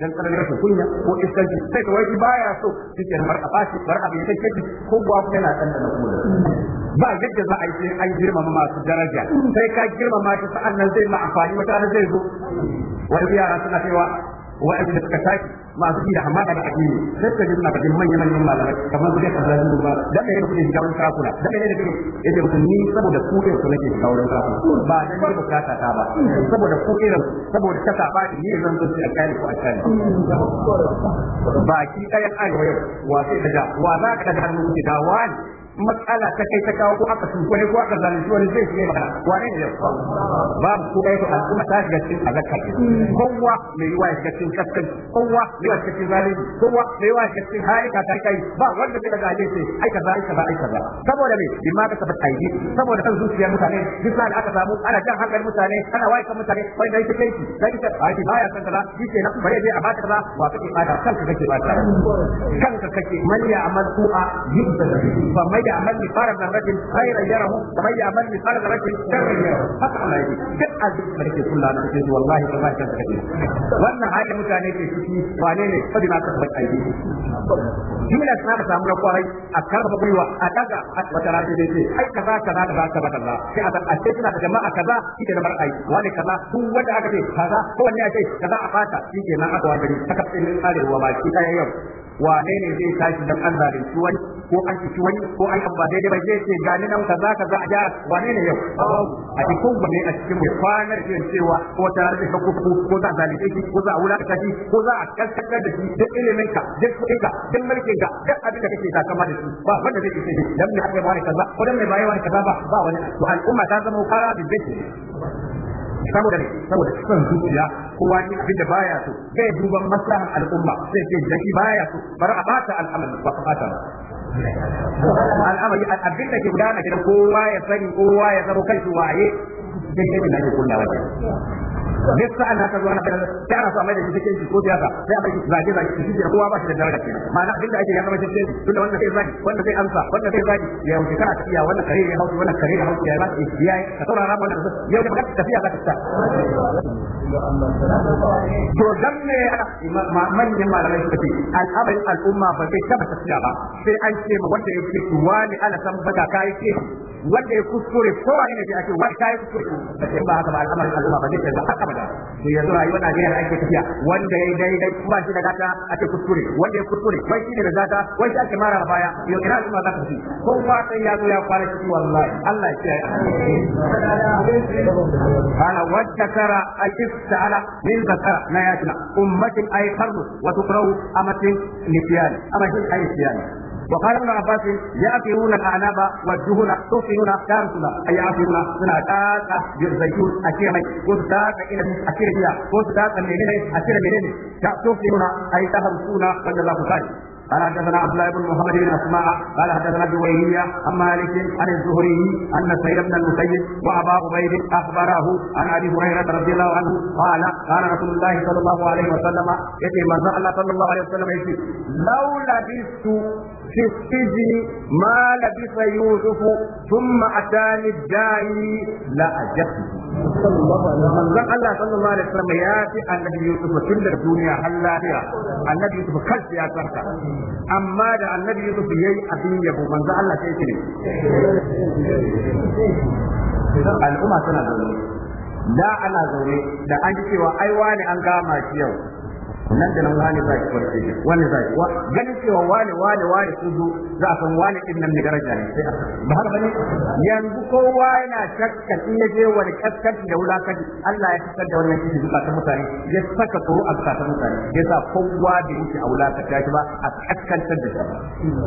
Speaker 1: dan tsananin rashin kunya ko iskanci sai ka ba baya so cikin bar a bashi bar a bincike kake ko ba ku yana dan da kuma ba yadda za a yi ai an girmama masu daraja sai ka girmama ta sa'an nan zai ma amfani mutane zai zo wani yara suna cewa wa'anda suka tashi masu yi da hamada da addini sai ka ji bakin manyan manyan malamai kamar su Sheikh Abdullahi Duba da kai da kuɗi shiga wurin kafuna da kai da kuke yace mutum ni saboda ku kai su nake shiga wurin kafuna ba dan ba bukata ta ba saboda ku kai saboda ta saba ni zan zo a kai ko a kai baki ɗayan arewa yau wa sai da, wa za ka daga hannu ki da wani matsala ta kai ta kawo ko aka tunko ne ko aka zalunci wani zai shi magana Wani ne yau babu ko kai ko al'umma ta shiga cikin azaka kowa mai yiwa ya shiga cikin kaskan kowa mai yiwa cikin zalunci kowa mai yiwa shiga cikin haika ta kai ba wanda zai daga aje sai ai kaza ai kaza ai kaza saboda me in ma ka tabbata aiki saboda kan zuciyar mutane duk da aka samu ana jan hankalin mutane ana waye kan mutane wai dai take kai dai ta ai baya san kaza shi ke na bare dai a baka kaza ba kake bada kanka kake bada kanka kake man ya amal su'a yubda fa mai يعمل مثقال ذرة خيرا يره ومن يعمل مثقال ذرة شرا يره haka Allah yake duk azumi da kake kullu wannan hali mutane ke wane ne fadi na kasbar aiki jimla sana da samu a karfafa gwiwa a daga wata rana dai ce ai kaza kaza da ba ka ba kaza sai a san a ce jama'a kaza kike da mar aiki wani kaza duk wanda aka ce kaza ko wanne ya ce kaza a fata shike nan aka wa gari saka tsayin yau wane ne zai tashi don an zalunci wani ko an ciki wani ko an ba daidai ba zai ce gani nan kaza kaza a jihar wane ne yau a cikin gwane a cikin mai kwanar yin cewa ko tare da shakuku ko za a zalike shi ko za a wulaka shi ko za a kankantar da shi duk ilimin ka duk kuɗin ka duk mulkin ka duk abin da kake takama da shi ba wanda zai ce dan me aka yi kaza ko dan mai ba wani kaza ba ba wani to al'umma ta zama fara da biki saboda ne saboda son zuciya ko wani abin da baya so sai duban maslahan al'umma sai ce da shi baya so bar a bata al'amarin ba ta bata ba al'amari abin da ke gudana gidan kowa ya sani kowa ya zama kai waye dai kai ne nake kullawa duk sa'an da ka zo na da ya ana so a mai da shi cikin ko siyasa sai a ma zage zage shi da kowa ba shi da daraja kenan ma'ana abin da ake ya zama cikin tunda wanda sai zage wanda sai amsa wanda sai zage ya wuce kana tafiya wannan kare ya hauki wannan kare ya hauki ya ba ya yi ka saurara wannan yau da baka tafiya ka tafi to dan ne manyan malamai suka ce al'amarin al'umma ba zai taba tafiya ba sai an ce ma wanda ya fi wani ana san baka kai ce wanda ya kuskure kowa wani ne sai ake wani kai kuskure ba haka ba al'amarin al'umma ba zai tafiya abada to yanzu rayuwar Najeriya ake tafiya wanda ya daidai kuma shi da gata ake kuskure wanda ya kuskure wai shi ne da zata, wai shi ake mara baya yau ina shi ma za ko ba sai ya zo ya fara shi wallahi Allah ya kiyaye ana wacce kara al-iftala min zakara na yatina ummatin ay wasu wa tukrahu amatin nisyan amatin ay وقال ابن عباس يأكلون الأعناب والدهن تفنون تارسنا أي يأكلون من أتاك بالزيتون أكير مي وزداك إلى أكير بيا وزداك منين أكير منين تفنون أي تهرسون وجل الله خير قال حدثنا عبد الله بن محمد بن اسماء قال حدثنا جويرية عن مالك عن الزهري ان سيد بن المسيب وابا عبيد اخبره عن ابي هريره رضي الله عنه قال قال رسول الله صلى الله عليه وسلم يتي ما الله صلى الله عليه وسلم يتي لو لبثت في السجن ما لبث يوسف ثم اتاني الداعي لاجبته manzon Allah sallallahu alaihi sama ya fi annabi Yusuf tun da duniya har lafiya annabi Yusuf kan ya tsarka amma da annabi Yusuf yayi abin yabo manzon Allah sai ne. al'umma suna zaune da ana zaune da an ji cewa ai wani an gama shi yau nan da nan wani zaki farce wani zai wa ganin cewa wani wani wani sun zo za a san wani din nan ne daraja ne sai ba haka bane yanzu kowa yana shakka in yaje wani kaskanci da wulakaci Allah ya fitar da wannan cikin zuka ta mutane ya saka tsoro a zuka ta mutane ya sa kowa da yake a wulakata shi ba a kaskantar da shi ba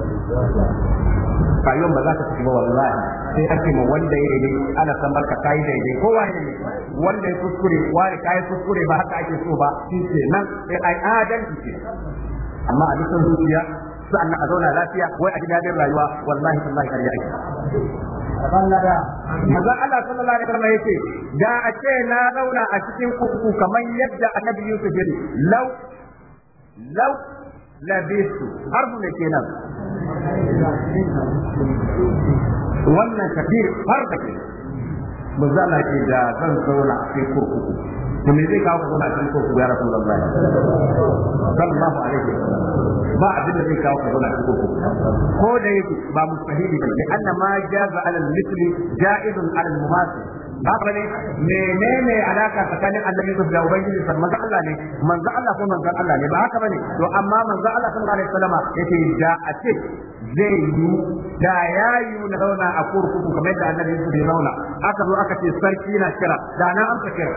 Speaker 1: rayuwar ba za ka tafi ba wallahi sai ake ma wanda ya daidai ana san barka kai daidai kowa ne wanda ya kuskure wani kai kuskure ba haka ake so ba shi nan sai ai adalci ce amma a dukkan zuciya a zauna lafiya wai a ji rayuwa wallahi yace da a ce na zauna a cikin kuku kamar yadda Annabi Yusuf ya lau ne kenan wannan kafir farda ke Maza Allah ke da zan zauna a cikin kurkuku to me zai kawo ka zauna cikin kurkuku ya rasulullahi sallallahu alaihi wasallam ba abin da zai kawo ka zauna cikin kurkuku ko da yake ba mustahili bane anna ma jaza ala al-mithli jaizun ala al-muhasib haka ne menene alaka tsakanin annabi Yusuf da ubangiji sa manzo Allah ne manzo Allah ko manzo Allah ne ba haka bane to amma manzo Allah sallallahu alaihi wasallam yace da a ce zai yi da yayu na zauna a kurkuku kamar da annabi Yusuf ya zauna aka zo aka ce sarki na kira da na amsa kira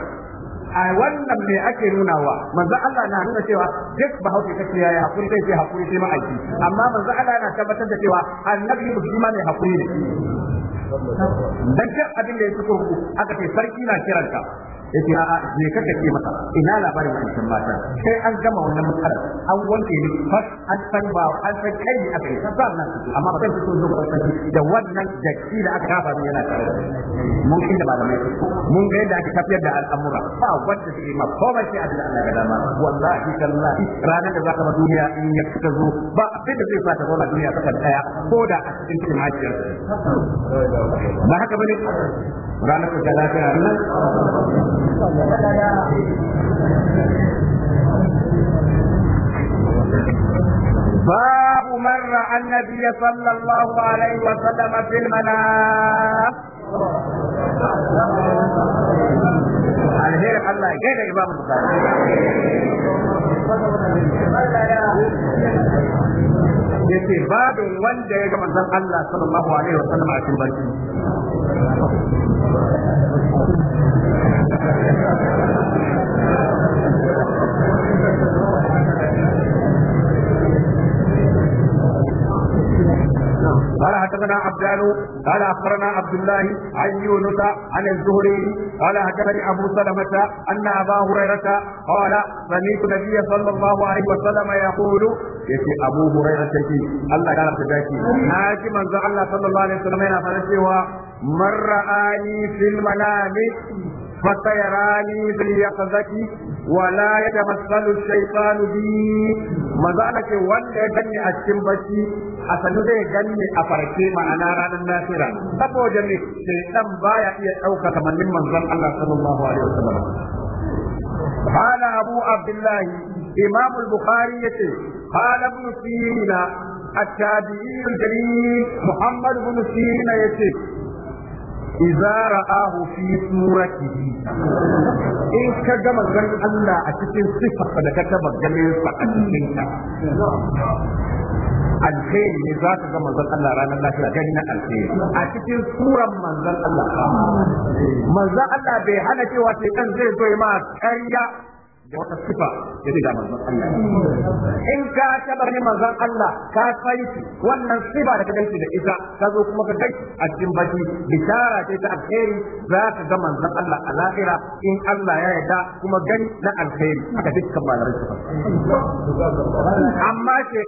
Speaker 1: a wannan me ake nunawa manzo Allah na nuna cewa duk bahaushe kake yi hakuri sai sai hakuri sai ma'aiki amma manzo Allah na tabbatar da cewa annabi shi ma ne hakuri ne dan abin da ya ci aka ce sarki na kiranta yace a'a me ce masa ina labarin wancan mata sai an gama wannan matsalar an wanke ni an san ba an san kai ne aka yi sabba amma ba zan fito zuwa da wannan daki da aka kafa ni yana tare mun inda ba da mai mun ga yadda aka tafiyar da al'amura ba wanda take ma ko ba sai a da Allah ga dama wallahi tallahi ranar da zaka ba duniya in ya fita zo ba abin da zai fata ba duniya ta daya ko da a cikin cikin hajiyar ba haka bane ranar da lafiya nan باب من رأى النبي صلى الله عليه وسلم في المنام Yake Allah ya babin wanda ya gama zan Allah sallallahu alaihi wasallam a cikin barci قال حدثنا عبدان قال اخبرنا عبد الله عن يونس عن الزهري قال حدثني ابو سلمه ان ابا هريره قال سمعت النبي صلى الله عليه وسلم يقول yace ابو هريره الله قال ya rabu daki na ji الله Allah sallallahu alaihi wasallam yana fara من رآني في المنام فسيراني في اليقظة ولا يتمثل الشيطان بي مزالك wanda ya ganni a cikin bacci a sanu zai ganni a farke ma'ana ranar nasira saboda me shaitan baya iya ɗauka kamannin manzon Allah sallallahu alaihi wasallam قال أبو عبد الله إمام البخاري قال ابن سيرين التابعي الجليل محمد بن سيرين يتي idza ra'ahu fi suratihi in ka ga manzon Allah a cikin sifarsa da ka taba ganin sa a cikin ka alheri ne za ka ga manzon Allah ranar lafiya gani na alheri a cikin suran manzon Allah manzon Allah bai hana cewa sai kan zai zo ma karya da wata sifa ya ga manzon Allah in ka taba ne manzon Allah ka sai wannan sifa da ka da ita ka zo kuma ka kai a cikin baki bishara ce ta alheri za ka ga manzon Allah a lahira in Allah ya yarda kuma gani na alheri haka dukkan malamai amma ce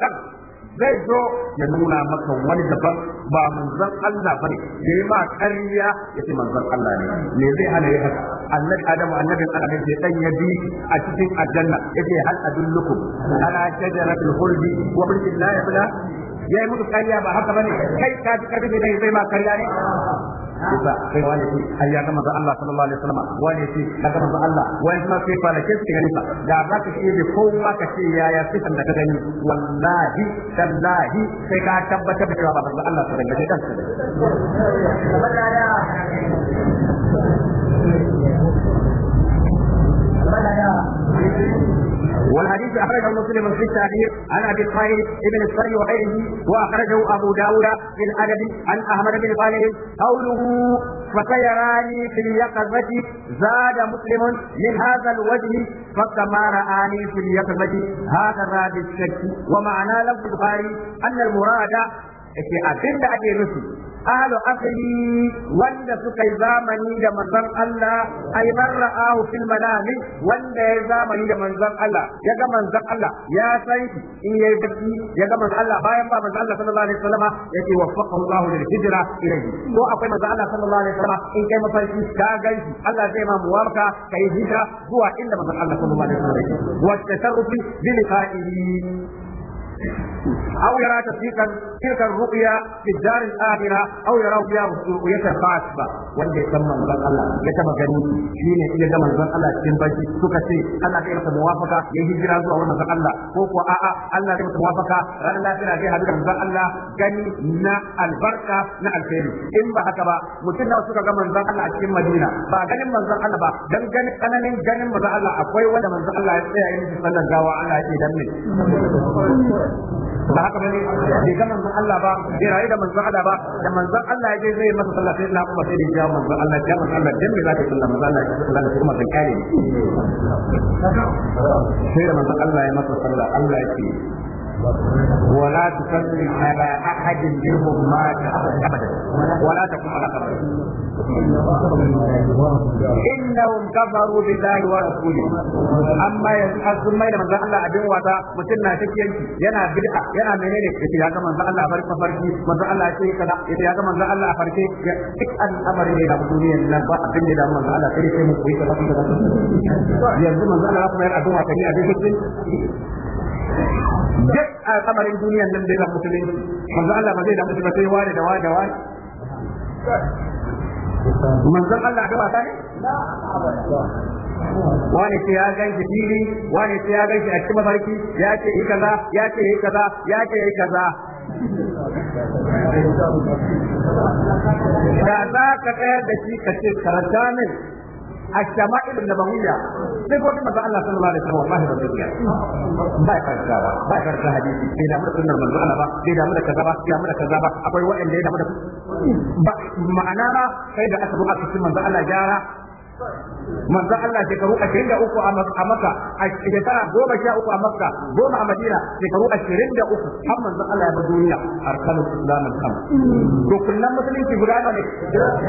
Speaker 1: zai zo ya nuna maka wani daban ba manzon Allah bane da ya ma ƙarya ya ce manzon Allah ne me zai hana ya haka annabi adamu annabin adam sai dan ya bi a cikin aljanna yace hal adullukum ala shajaratil khuldi wa bil la yabla yayi mutu ƙarya ba haka bane kai ka ji karbi ne zai ma ƙarya ne yasa kai wani ce ai ya ga manzo Allah sallallahu alaihi wasallam wani ce ya ga manzo Allah wani kuma sai fa lake shi ganin fa da za ka ce da ma ka ce ya ya fitan da ka gani wallahi tallahi sai ka tabbatar da cewa ba manzo Allah sallallahu alaihi wasallam والحديث أخرجه مسلم في التاريخ عن أبي الخير بن الصري وغيره وأخرجه أبو داود في الأدب عن أحمد بن صالح قوله فسيراني في اليقظة زاد مسلم من هذا الوجه فكما رآني في اليقظة هذا راد الشك ومعنى لفظ البخاري أن المراد في abin da ahlu asali wanda suka yi zamani da manzon Allah ay man ra'ahu fil manami wanda ya zamani da manzon Allah ya ga manzon Allah ya san in yayi baki ya ga manzon Allah bayan ba manzon Allah sallallahu alaihi wasallam yake waffaqa Allah lil hijra ilayhi ko akwai manzon Allah sallallahu alaihi wasallam in kai mafarki ka ganshi Allah zai ma muwarka kai hijra zuwa inda manzon Allah sallallahu alaihi wasallam yake wa tasarrufi bi liqa'ihi أو يرى تصديقا تلك الرؤيا في الدار الآخرة أو يرى فيها رؤية خاصة wanda ya san manzon Allah ya taba gani shi ne ya ga manzon Allah cikin baki suka ce ana zai masa muwafaka ya hijira zuwa wurin Allah ko kuwa a'a Allah zai masa muwafaka ranar lafiya zai hadu da manzon Allah gani na albarka na alheri in ba haka ba mutum nawa suka ga manzon Allah a cikin Madina ba ganin manzon Allah ba dan ganin kananin ganin manzon Allah akwai wanda manzon Allah ya tsaya yin sallar gawa Allah ya ce ba haka bane bai ga manzon Allah ba bai rayu da manzon Allah ba da manzon Allah ya je zai masa sallah sai na kuma sai da ya manzon Allah ya manzon Allah dan me sallah manzon Allah ya sallah kuma kare sai da manzon Allah ya masa sallah Allah ya ce ولا تسلم على احد منهم مات ابدا ولا تكن على قبره انهم كفروا بالله ورسوله اما يسحسون مايل من الله ابن وتا متن نا تكين ينا بدعه ينا منين يتي يا من الله فرق فرقي من الله يتي كذا يتي يا من الله فرقي duk al'amari ne da duniyar nan ba abin da من الله sai sai mu koyi kaza kaza yanzu manzo Allah kuma yana addu'a kai a duk duk kamarin duniyan nan da ya musulunci manzo Allah ba zai da musulunci sai wani da wani da ware manzon Allah ga wasa ne wani ce ya gan shi fili wani ce ya gan shi a cikin mafarki ya ce yi kaza ya ce yi kaza ya ce yi kaza da za ka tsayar da shi ka ce karanta min الشمائل النبوية سيكون كما الله صلى الله عليه وسلم والله بالدنيا باي كذا باي كذا حديثي إذا مدى سنة من الله با إذا مدى كذا با إذا مدى كذا با أقول وإن إذا مدى معناها إذا أسبق في سنة الله جارة manzo Allah shekaru 23 a Makka a shekara 13 a Makka goma a Madina shekaru 23 har manzo Allah ya bar duniya arkanu islam al-kham to kullum musulunci guda ne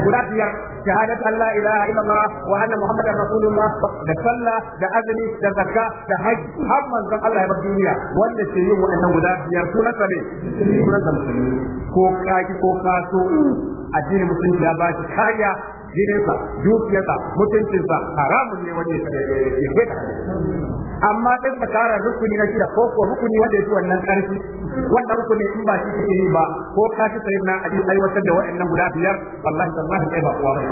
Speaker 1: guda biyar shahadat Allah ilaha illallah wa anna muhammadar rasulullah da salla da azumi da zakka da haji har manzo Allah ya bar duniya wanda ke yin wannan guda biyar sunansa ne ko kaki ko kaso addinin musulunci ya ba shi kariya jininsa dukiyarsa mutuncinsa haramun ne wanda ya ke eh, da amma ɗin ka tara rukuni na shida ko ko rukuni wanda ya ci wannan ƙarfi wannan rukuni in ba shi kike yi ba ko ka ci sayi na aji aiwatar da waɗannan guda biyar wallahi tallahi kai ba kuwa ba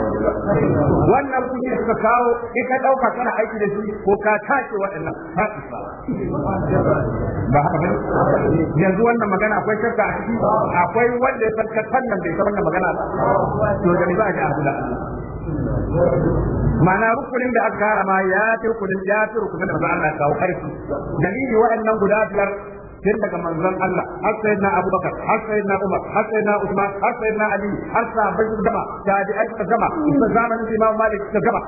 Speaker 1: wannan rukuni da suka kawo in ka ɗauka kana aiki da shi ko ka tace waɗannan ba ba haka ba yanzu wannan magana akwai shakka a ciki akwai wanda ya san kan nan bai san wannan magana ba to da ba ga abu da Allah ma'ana rukunin da aka ma ya fi rukunin ya fi rukunin da Allah ya kawo karfi dalili wa'annan guda biyar tun daga manzon Allah har sai na Abu Bakar har sai na Umar har sai na Usman har sai na Ali har sa bai gama tabi ai ta gama da zamanin Imam Malik ta gama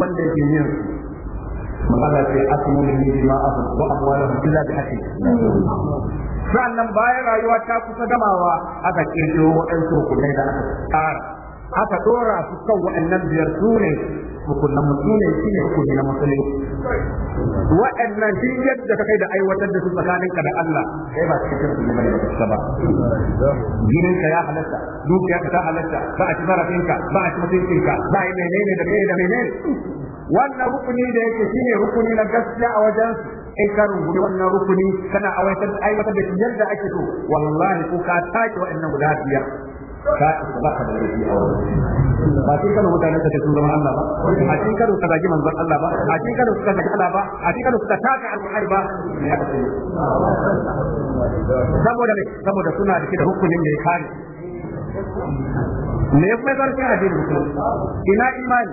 Speaker 1: wanda yake yin magana sai asmu min dima'ahum wa amwalahum illa bi haqqi sannan bayan rayuwa ta kusa gamawa aka kirkiro waɗansu hukumai da aka tsara aka dora su kan wa'annan biyar su ne hukunan su ne shi ne hukumi na musulunci wa'annan shi yadda ka kai da aiwatar da su tsakaninka da Allah kai ba cikin su ne ba jinin ka ya halatta dukiya ka ta halatta ba a ci ka, ba a ci ka, ba a yi da menene da menene wannan rukuni da yake shine rukuni na gaskiya a wajen in ka rungumi wannan rukuni kana aiwatar da yadda ake so wallahi ko ka take wa'annan guda biyar ka isa baka da laifi a wurin ba cikin karo mutane da ke sun zama Allah ba a cikin karo ka zagi manzon Allah ba a cikin karo suka zagi Allah ba a cikin karo suka taka alƙur'ani ba ya saboda me saboda suna da da hukumin da ya kare me ya fi zarfin addinin musulunci ina imani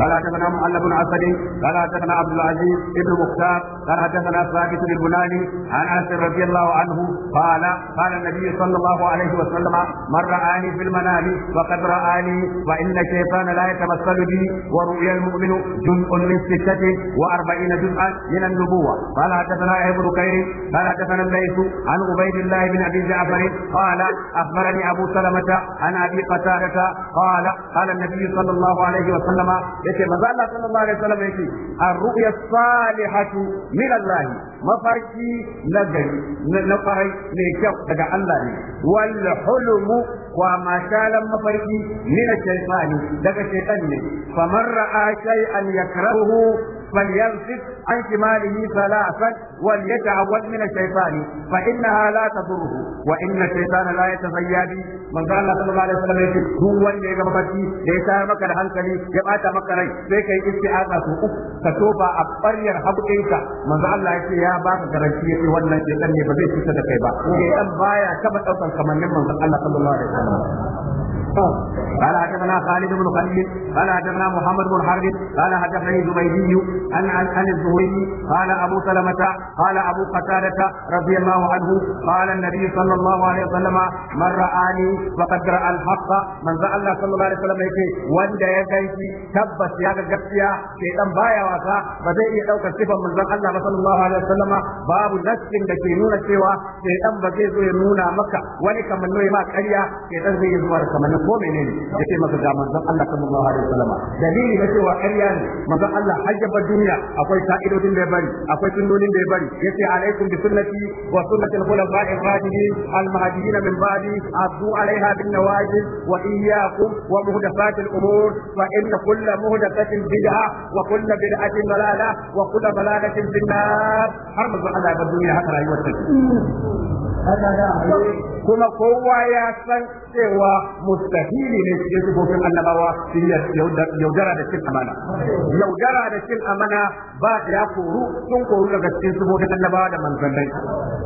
Speaker 1: قال حدثنا محمد بن اسد قال حدثنا عبد العزيز بن مختار قال حدثنا ثابت البناني عن انس رضي الله عنه قال قال النبي صلى الله عليه وسلم من رآني في المنام فقد رآني وان الشيطان لا يتمثل بي ورؤيا المؤمن جزء من ستة وأربعين جزءا من النبوة قال حدثنا ابن بكير قال حدثنا الليث عن عبيد الله بن أبي جعفر قال أخبرني أبو سلمة عن أبي قتادة قال قال قال النبي صلى الله عليه وسلم يكي ما الله صلى الله عليه وسلم يكي الرؤيا الصالحة من الله مفرقي نجري نفري ميكو دقا الله والحلم وما شال مفرقي من الشيطان دقا الشيطان فمن رأى شيئا يكرهه فليمسك عن شماله ثلاثا وليتعوذ من الشيطان فإنها لا تضره وإن الشيطان لا يتزيا به من قال الله صلى الله عليه وسلم يقول هو اللي يجب فتي ليس مكة الهنكلي يبقى مكة لي ليك استعادة سوء كتوبة أبرير حبئك من قال الله يقول يا باك garantiya ce wannan shaitan ne ba zai cuta da kai ba shaitan baya kaba daukar kamannin manzon Allah sallallahu alaihi wasallam قال حدثنا خالد بن خليل قال حدثنا محمد بن حرب قال حدثني زبيدي عن عن الزهري قال ابو سلمة قال ابو قتادة رضي الله عنه قال النبي صلى الله عليه وسلم من رآني فقد رأى الحق من ذا الله صلى الله عليه وسلم yake wanda ya ganki tabbas ya ga gaskiya sai dan baya wasa ba zai iya ɗaukar sifan manzon Allah ba sallallahu alaihi wasallama babu nassin da ke nuna cewa sai dan ba zai zo ya nuna maka wani kamanno ya ƙarya sai dan zai zuwa kamannin ko menene ya ce masa ga manzon Allah sallallahu alaihi wasallam dalili na cewa ƙarya ne manzon Allah hajjaba duniya akwai ka'idodin da ya bari akwai sunnonin da ya bari yace alaikum bi sunnati wa sunnati al-khulafa'i ar-rashidin al-mahdiyyin min ba'di addu 'alayha bin nawajib wa iyyakum wa muhdathat al-umur fa inna kull muhdathatin bid'a wa kull bid'atin dalalah wa kull dalalatin fi an-nar har manzon Allah ya duniya haka rayuwar kuma kowa ya san cewa mustahili ne cikin sufofin annabawa sun yaudara da cin amana yaudara da cin amana ba da ya koru sun koru daga cikin sufofin annabawa da manzannai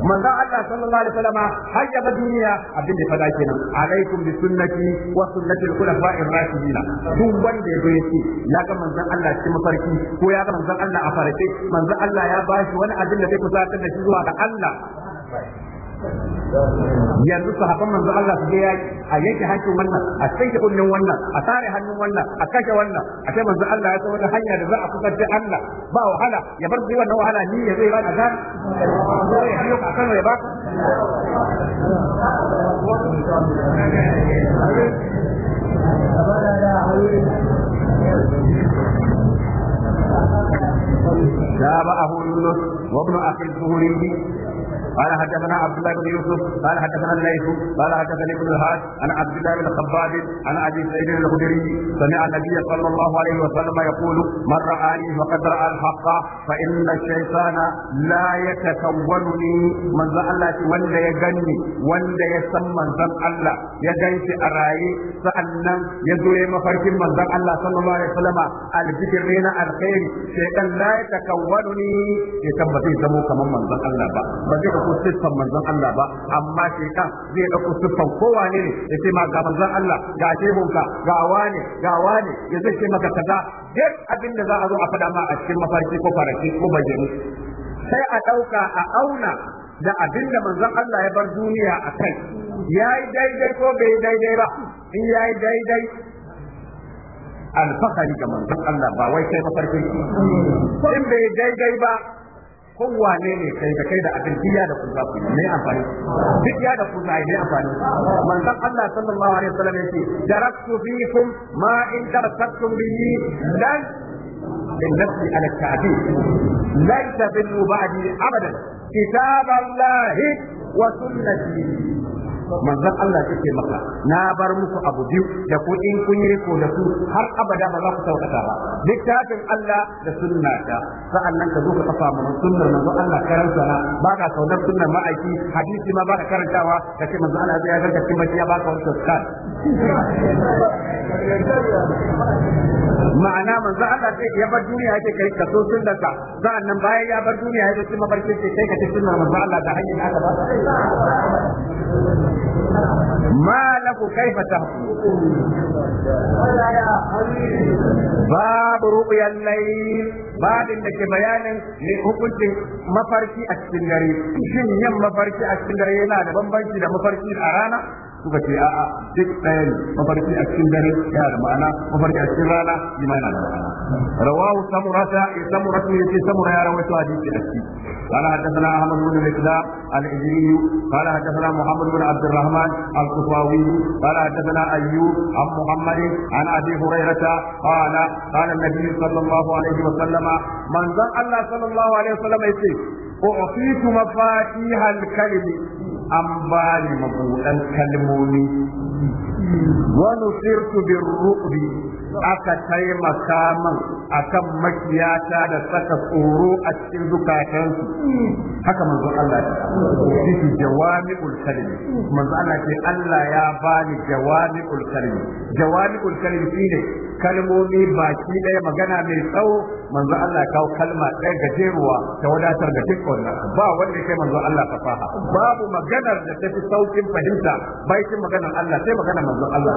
Speaker 1: manzon Allah sallallahu alaihi wasallam har ya duniya abin da fada kenan alaikum bi sunnati wa sunnati al-khulafa'ir rashidin duk wanda ya yake ya ga manzon Allah cikin mafarki ko ya ga manzon Allah a farke manzon Allah ya bashi wani abin da zai fusatar da shi zuwa ga Allah yanzu sahabban manzo Allah su je yaki a yanke hancin wannan a tsinke kunnen wannan a sare hannun wannan a kashe wannan a sai manzo Allah ya san wata hanya da za a kusa da Allah ba wahala ya bar zai wannan wahala ni ya zai ba da zan ya a ka ya ba تابعه يونس وابن اخي الزهري قال حدثنا عبد الله بن يوسف قال حدثنا الليث قال حدثني ابن الهاد عن عبد الله بن خباب عن ابي سعيد الخدري سمع النبي صلى الله عليه وسلم يقول من رآني فقد رأى الحق فإن الشيطان لا يتكونني من ذا الله وند يغني وند يسمى ذا الله يغني أرائي سألنا يزوي مفركين من ذا الله صلى الله عليه وسلم الذكر لنا الخير شيطان لا يتكونني يتبطي زمو كمان من ذا الله بقى ɗauko siffan manzon Allah ba amma shaitan zai ɗauko siffan kowa ne ya ce ma ga manzon Allah ga shehunka ga wane ga wane ya zai ce maka kaza duk abin da za a zo a faɗa ma a cikin mafarki ko faraki ko bajini sai a ɗauka a auna da abin da manzon Allah ya bar duniya a kai ya yi daidai ko bai daidai ba in ya yi daidai alfahari ga manzon Allah ba wai kai mafarkin in bai daidai ba kowane ne kai da kai da abin diya da kuza ku ne amfani duk ya da kuza ne amfani manzon Allah sallallahu alaihi wasallam yace daraktu fikum ma in tarasaktum bihi lan بالنفس على التعبير لن تضلوا بعدي ابدا كتاب الله وسنتي manzon Allah yake maka na bar muku abu biyu da ku in kun yi riko da su har abada ba za ku saukata ba littafin Allah da sunna ta sa'annan ka zo ka kafa mun sunnar manzon Allah karan sana ba ka kaunar sunnar ma'aiki hadisi ma ba ka karantawa da ce manzon Allah ya zarga cikin baki ya ba ka wannan kan ma'ana manzon Allah sai ya bar duniya yake kai ka so sunnar ka sa'annan bayan ya bar duniya yake cikin mafarkin sai ka ci sunnar manzon Allah da hanyar da aka ba ما لك كيف تحكمون باب رؤيا الليل بعد انك بيان لحكمت مفرشي السندري شن يم مفرشي السندري لا ده بمبنشي ده مفرشي الارانا suka ce a'a duk ɗaya ne mafarki a cikin dare yana da ma'ana mafarki a cikin rana shi ma yana da ma'ana rawahu samurata ya samurata ya ce samura ya rawaito hadisi a ciki قال حدثنا احمد بن الاسلام الاجري قال حدثنا محمد بن عبد الرحمن الكفاوي قال حدثنا ايوب عن محمد عن ابي هريره قال قال النبي صلى الله عليه وسلم من ذا الله صلى الله عليه وسلم يقول أعطيت مفاتيح الكلم an ba ni mabuɗan kalmomi wani sirtu bin ru'bi aka taimaka min akan makiyata da saka tsoro a cikin zukatansu haka manzo Allah ya ce jawami'ul kalimi manzo Allah ce Allah ya bani jawami'ul kalimi jawami'ul shi ne. kalmomi baki ɗaya magana mai tsawo manzo Allah kawo kalma ɗaya gajeruwa ta wadatar da duk wannan ba wanda kai manzo Allah fasaha babu maganar da ta fi saukin fahimta baitin maganar Allah sai maganar manzo Allah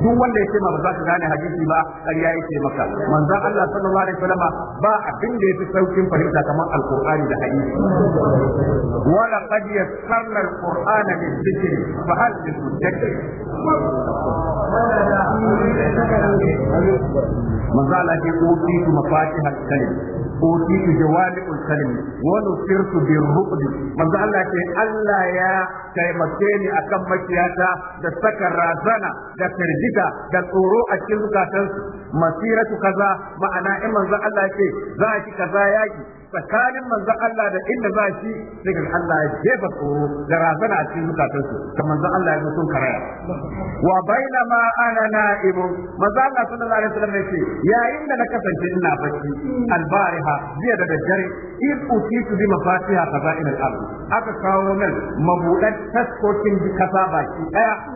Speaker 1: duk wanda yake ma ba za ka gane hadisi ba ƙarya yake maka manzo Allah sallallahu alaihi wasallam ba abin da yafi saukin fahimta kamar alqur'ani da hadisi wala qad yassarna alqur'ana lidhikri fa hal
Speaker 2: min
Speaker 1: manzo Allah ce ko ki tu mafatiha kalim ko ki tu jawami kalim wa nusirtu bir ruqd manzo Allah ce Allah ya taimake ni akan makiyata da saka razana da firgita da tsoro a cikin zukatan masiratu kaza ma'ana in manza Allah ce za ki kaza yaƙi. tsakanin manzon Allah da inda za shi sai ka Allah ya jefa tsoro da razana a cikin zukatansu ka manzon Allah ya zo sun karaya wa ma ana na'ibu manzon Allah sallallahu alaihi wasallam yace yayin da na kasance ina bacci albariha jiya da daddare in utitu bi mafatiha qaba'il al-ard aka kawo min mabudan taskokin kasa
Speaker 2: baki daya